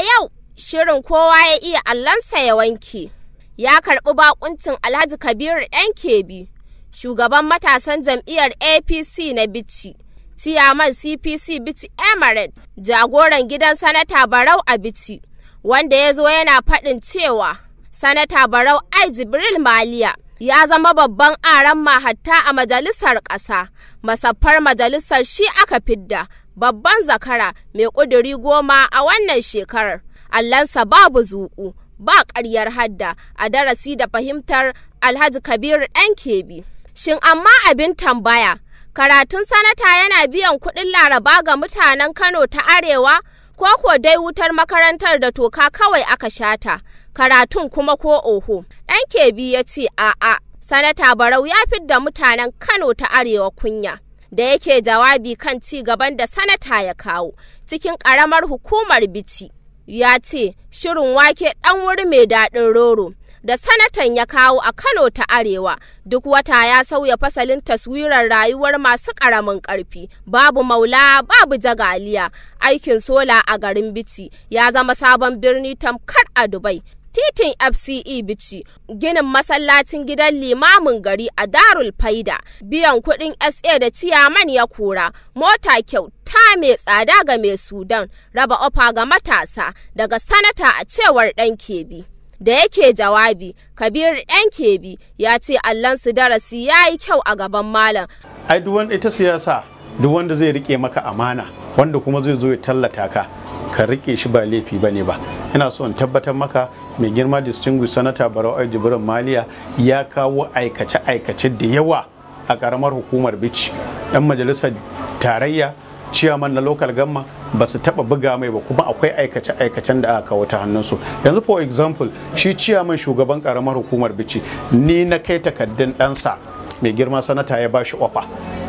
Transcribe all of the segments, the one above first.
a yau shirin kowa ya iya allansa ya wanke. Ya karɓi bakuncin Alhaji Kabiru ɗan kebi, shugaban matasan jam'iyyar APC na bici. Tiyaman CPC Bici Emirate, jagoran gidan Sanata Barau a bici. wanda ya zo yana faɗin cewa Sanata Barau Ai Jibril Maliya ya zama babban aran mahatta a majalisar ƙasa, masaffar majalisar shi aka fidda. babban zakara mai ƙuduri goma a wannan shekarar. Allansa babu zuƙu, ba ƙaryar hadda a darasi da fahimtar Alhaji Kabiru. ɗan kebi. Shin amma abin tambaya, karatun sanata yana biyan kuɗin laraba ga mutanen Kano ta Arewa ko ko dai wutar makarantar da toka kawai aka shata, karatun kuma ko oho. Ɗan kebi ya ce a'a, sanata Barau ya fidda mutanen Kano ta Arewa kunya. da yake jawabi kan ci gaban da sanata ya kawo cikin ƙaramar hukumar bici ya ce shirin wake ɗan wuri mai daɗin roro da sanatan ya kawo a Kano ta Arewa duk wata ya sauya fasalin taswirar rayuwar masu ƙaramin ƙarfi babu maula babu jagaliya aikin sola a garin bici ya zama sabon birni tamkar a Dubai titin fce bici ginin masallacin gidan limamin gari a darul faida biyan kudin sa da ciyaman ya kura mota kyauta mai tsada ga mai sudan raba ofa ga matasa daga sanata a cewar dan kebi da yake jawabi kabir dan kebi ya ce allansu darasi ya yi kyau a gaban malam ai duk wanda ita siyasa duk wanda zai rike maka amana wanda kuma zai zo ya tallata ka ka rike shi ba laifi ba ne ba ina so in tabbatar maka mai girma distinguished sanata barau jibrin maliya ya kawo aikace aikace da yawa a karamar hukumar bici yan majalisar tarayya ciyaman na local gamma ba su taba buga mai ba kuma akwai aikace aikacen da aka kawo ta hannunsu yanzu for example shi ciyaman shugaban karamar hukumar bici ni na kai takaddun ɗansa mai girma sanata ya ba shi ofa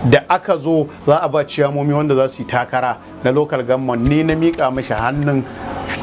da aka zo za a ba ciyamomi wanda za su yi takara na local government ni na miƙa mishi hannun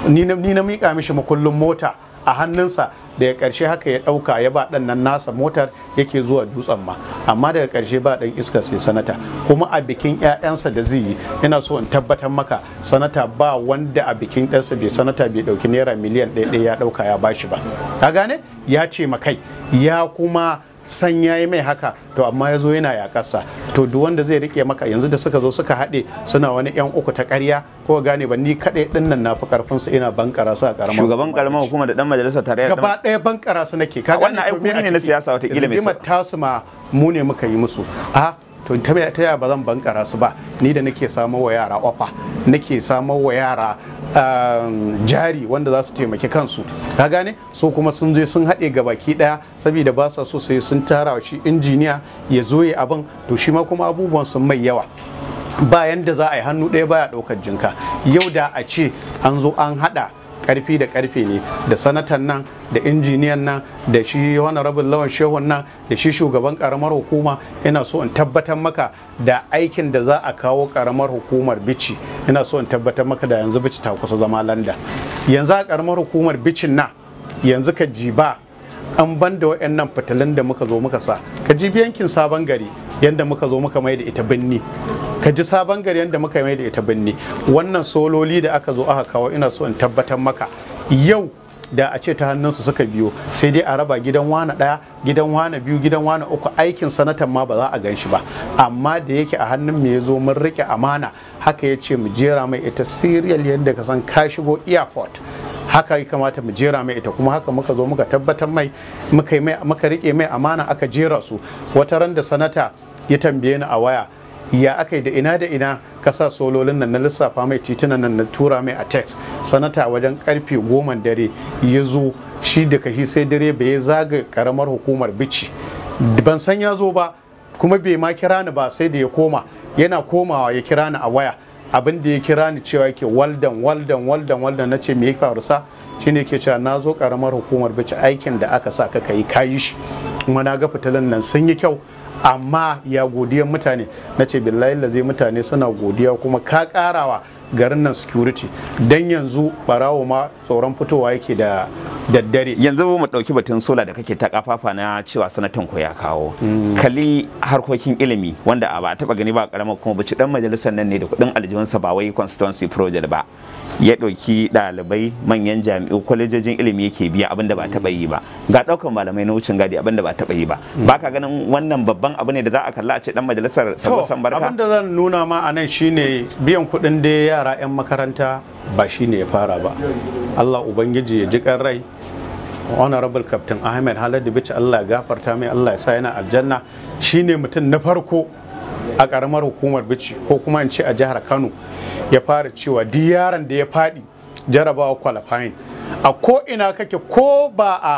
ni na miƙa mishi makullin mota a hannunsa daga ƙarshe haka ya ɗauka ya ba ɗan nan nasa motar yake zuwa dutsen ma amma daga ƙarshe ba ɗan iska sai sanata kuma a bikin 'ya'yansa da zai yi yana so in tabbatar maka sanata ba wanda a bikin ɗansa bai sanata bai ɗauki naira miliyan ɗaya ya ɗauka ya bashi ba ka gane ya ce makai ya kuma san yi mai haka to amma ya zo yana yakarsa to duk wanda zai rike maka yanzu da suka zo suka haɗe suna wani yan uku ta ƙarya ko gane ba ni kaɗai ɗin nan na fi ƙarfin su ina bankara su a ƙaramar shugaban ƙaramar hukuma da ɗan majalisa tare gaba ɗaya bankara su nake ka gane aiki ne na siyasa wata ne mai tasu ma mu ne muka yi musu a to ta yaya ba zan bankara su ba ni da nake samo wa yara ofa nake samo wa yara Um, jari wanda za su taimaki kansu ka gane so kuma sun je sun haɗe ga baki ɗaya saboda ba sa so sai sun tara shi injiniya ya zo ya abin to shi ma kuma abubuwan sun mai yawa bayan da za a yi hannu ɗaya baya ɗaukar jinka yau da a ce an zo an haɗa karfi da karfe ne da sanatan nan da injiniyan nan da shi wani rabin lawan shehun nan da shi shugaban karamar hukuma ina so in tabbatar maka da aikin da za a kawo karamar hukumar bici ina so in tabbatar maka da yanzu bici ta kusa zama landa yanzu a karamar hukumar bicin na yanzu ka jiba an ban da waɗannan fitilun da muka zo muka sa ka jibi yankin sabon gari yadda muka zo muka mai da ita binni ka ji sabon gari yadda muka mai da ita binni wannan sololi da aka zo aka kawo ina so in tabbatar maka yau da a ce ta hannunsu suka biyo sai dai a raba gidan wana ɗaya gidan wana biyu gidan wana uku aikin sanatan ma ba za a gan shi ba amma da yake a hannun mu ya zo mun rike amana haka ya ce mu jera mai ita serial yadda ka san ka shigo airport haka ya kamata mu jera mai ita kuma haka muka zo muka tabbatar mai muka rike mai amana aka jera su wata ran da sanata ya tambaye ni a waya ya aka yi da ina da ina ka sa sololin nan na lissafa mai titunan nan na tura mai a text sanata wajen karfe goma dare ya zo shi da kashi sai dare bai zaga karamar hukumar bici ban san ya zo ba kuma bai ma kira ni ba sai da ya koma yana komawa ya kira ni a waya abin da ya kira ni cewa yake waldan waldan waldan waldan na ce me ya faru shine yake cewa na zo karamar hukumar bici aikin da aka sa ka kai kayi shi kuma na ga fitilan nan sun yi kyau amma ya godiya mutane na ce billahi zai mutane suna godiya kuma ka karawa garin nan security dan yanzu barawo ma tsoron fitowa yake da daddare yanzu mu dauki batun sola da kake ta kafafa na cewa sanatan ku ya kawo mm. kali harkokin ilimi wanda a ba taba gani ba karamar kuma bace dan majalisar nan ne da kudin aljihunsa ba wai constituency project ba ya ɗauki ɗalibai manyan jami'u kwalejojin ilimi yake biya abin da ba taɓa yi ba ga ɗaukan malamai na wucin gadi abin da ba taɓa yi ba ba ka ganin wannan babban abu ne da za a kalla a ce dan majalisar sabo barka abin da zan nuna ma a nan shine biyan kuɗin da yara 'yan makaranta ba shine ya fara ba Allah ubangiji ya ji kan rai honorable captain ahmed haladu bici Allah ya gafarta mai Allah ya sa yana aljanna shine mutum na farko a karamar hukumar bici ko kuma in ce a jihar kano ya fara cewa duk yaron da ya faɗi jarabawa qualifying a ko ina kake ko ba a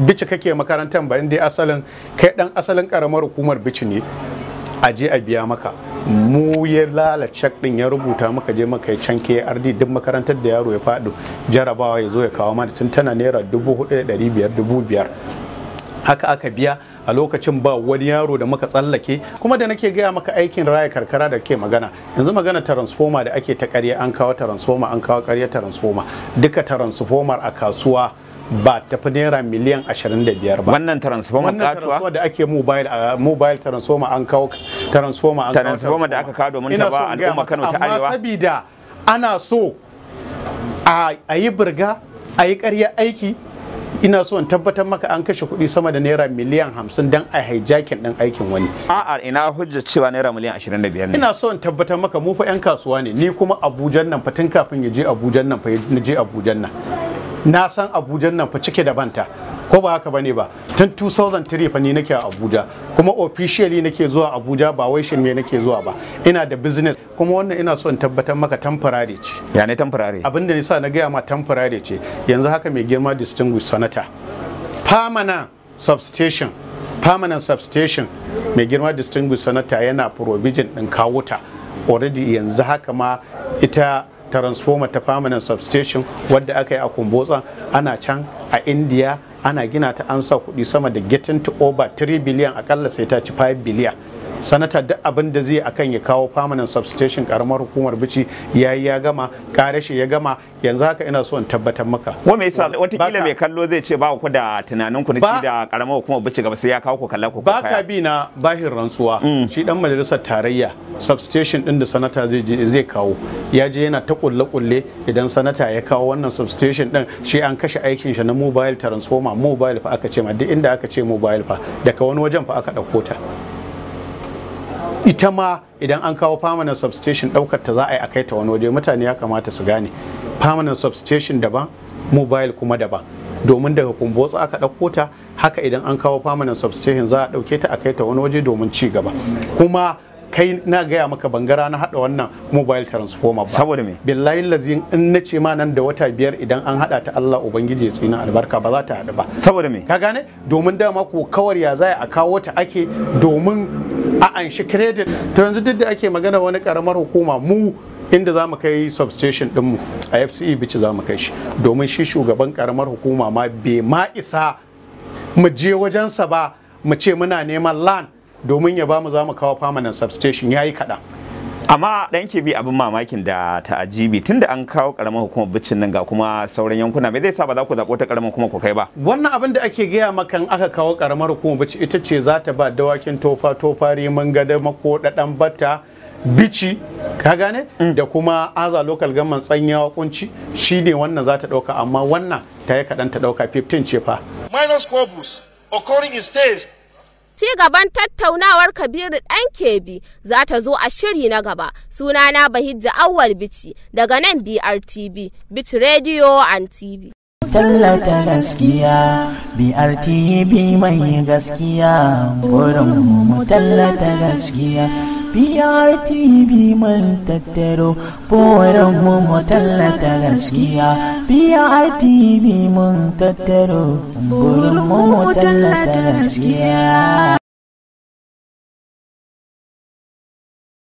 bici kake makarantar ba inda asalin kai dan asalin karamar hukumar bici ne a je a biya maka mu ya lalace din ya rubuta maka je maka ya can KRD duk makarantar da yaro ya faɗi jarabawa ya zo ya kawo mana tun tana naira dubu biyar haka aka biya a lokacin ba wani yaro da muka tsallake kuma da nake gaya maka aikin raya karkara da ke magana yanzu magana transformer da ake ta karya an kawo transformer an kawo karya transformer duka transformer a kasuwa ba tafi naira miliyan 25 ba wannan transformer wannan da ake mobile a mobile transformer an kawo transformer an kawo transformer da aka kawo domin ta ba al'umma Kano ta Arewa amma sabida ana so a yi burga a yi ƙarya aiki ina so in tabbatar maka an kashe kuɗi sama da naira miliyan hamsin don a hijacking ɗin aikin wani. A'a ina hujja cewa naira miliyan ashirin da biyar ne. Ina so in tabbatar maka mu fa 'yan kasuwa ne ni kuma Abujan nan fa tun kafin ya je Abujan nan fa ya je Abujan nan. Na san Abujan nan fa cike da banta. ko ba haka bane ba tun 2003 fa ni nake a Abuja kuma officially nake zuwa Abuja ba wai me nake zuwa ba ina da business kuma wannan ina so in tabbatar maka temporary ce ya ne temporary abinda nisa na gaya ma temporary ce yanzu haka mai girma distinguished senator permanent substation permanent substation mai girma distinguished senator yana provision din kawuta already yanzu haka ma ita transformer ta permanent substation wadda aka yi a kumbotsa ana can a india ana gina ta an sa kuɗi sama da getting to over 3 billion akalla sai ta ci 5 billion sanata duk abin da zai akan ya kawo permanent substation karamar hukumar bici ya yi ya gama karashe ya gama yanzu haka ina so in tabbatar maka wa me yasa mai kallo zai ce ba ku da tunanin ku ne da karamar hukumar bici gaba sai ya kawo ku kalla ku ba ka bi na bahin rantsuwa mm. shi dan majalisar tarayya substation din da sanata zai je zai kawo ya je yana ta kulle kulle idan sanata ya kawo wannan substation din shi an kashe aikin shi na mobile transformer mobile fa aka ce ma duk inda aka ce mobile fa daga wani wajen fa aka dauko ta ita ma idan an kawo permanent substation daukar ta za a yi a kai ta wani waje mutane ya kamata su gane permanent substation daban mobile kuma daban domin daga kumbotsu aka ɗauko ta haka idan an kawo permanent substation za a ɗauke ta a kai ta wani waje domin ci gaba kuma kai na gaya maka bangara na hada wannan mobile transformer ba saboda me billahi lazin in nace ce ma nan da wata biyar idan an hada ta Allah ubangiji ya tsina albarka ba za ta haɗu ba saboda me ka gane domin dama ko kawar ya za a kawo ta ake domin a anshi credit to yanzu duk da ake magana wani karamar hukuma mu inda za mu kai substation dinmu a fce bici za mu kai shi domin shi shugaban karamar hukuma ma bai ma isa mu je wajensa ba mu ce muna neman land domin ya ba mu za mu kawo permanent substation ya yi kaɗan amma ɗan ke bi abin mamakin da ta'ajibi tunda an kawo karamar hukumar bicin nan ga kuma sauran yankuna mai zai sa ba za ku zaɓo ta karamar kuma ku kai ba wannan abin da ake gaya maka aka kawo karamar hukumar bici ita ce za ta ba dawakin tofa tofa riman gada mako bata bici ka gane mm. da kuma aza local government tsanya kunci shi ne wannan za ta ɗauka amma wannan ta yi kaɗan ta ɗauka 15 ce fa minor corpus occurring in states Ci gaban tattaunawar Kabiru ɗan Kebi za ta zo a shiri na gaba. Sunana Bahijja Awwal Bici daga nan BRTB, bit Radio and TV. Tallata gaskiya, BRTB mai gaskiya, burinmu mu tallata gaskiya. PRTV mun tattaro boran mu mu tallata gaskiya PRTV mun tattaro boran mu mu tallata gaskiya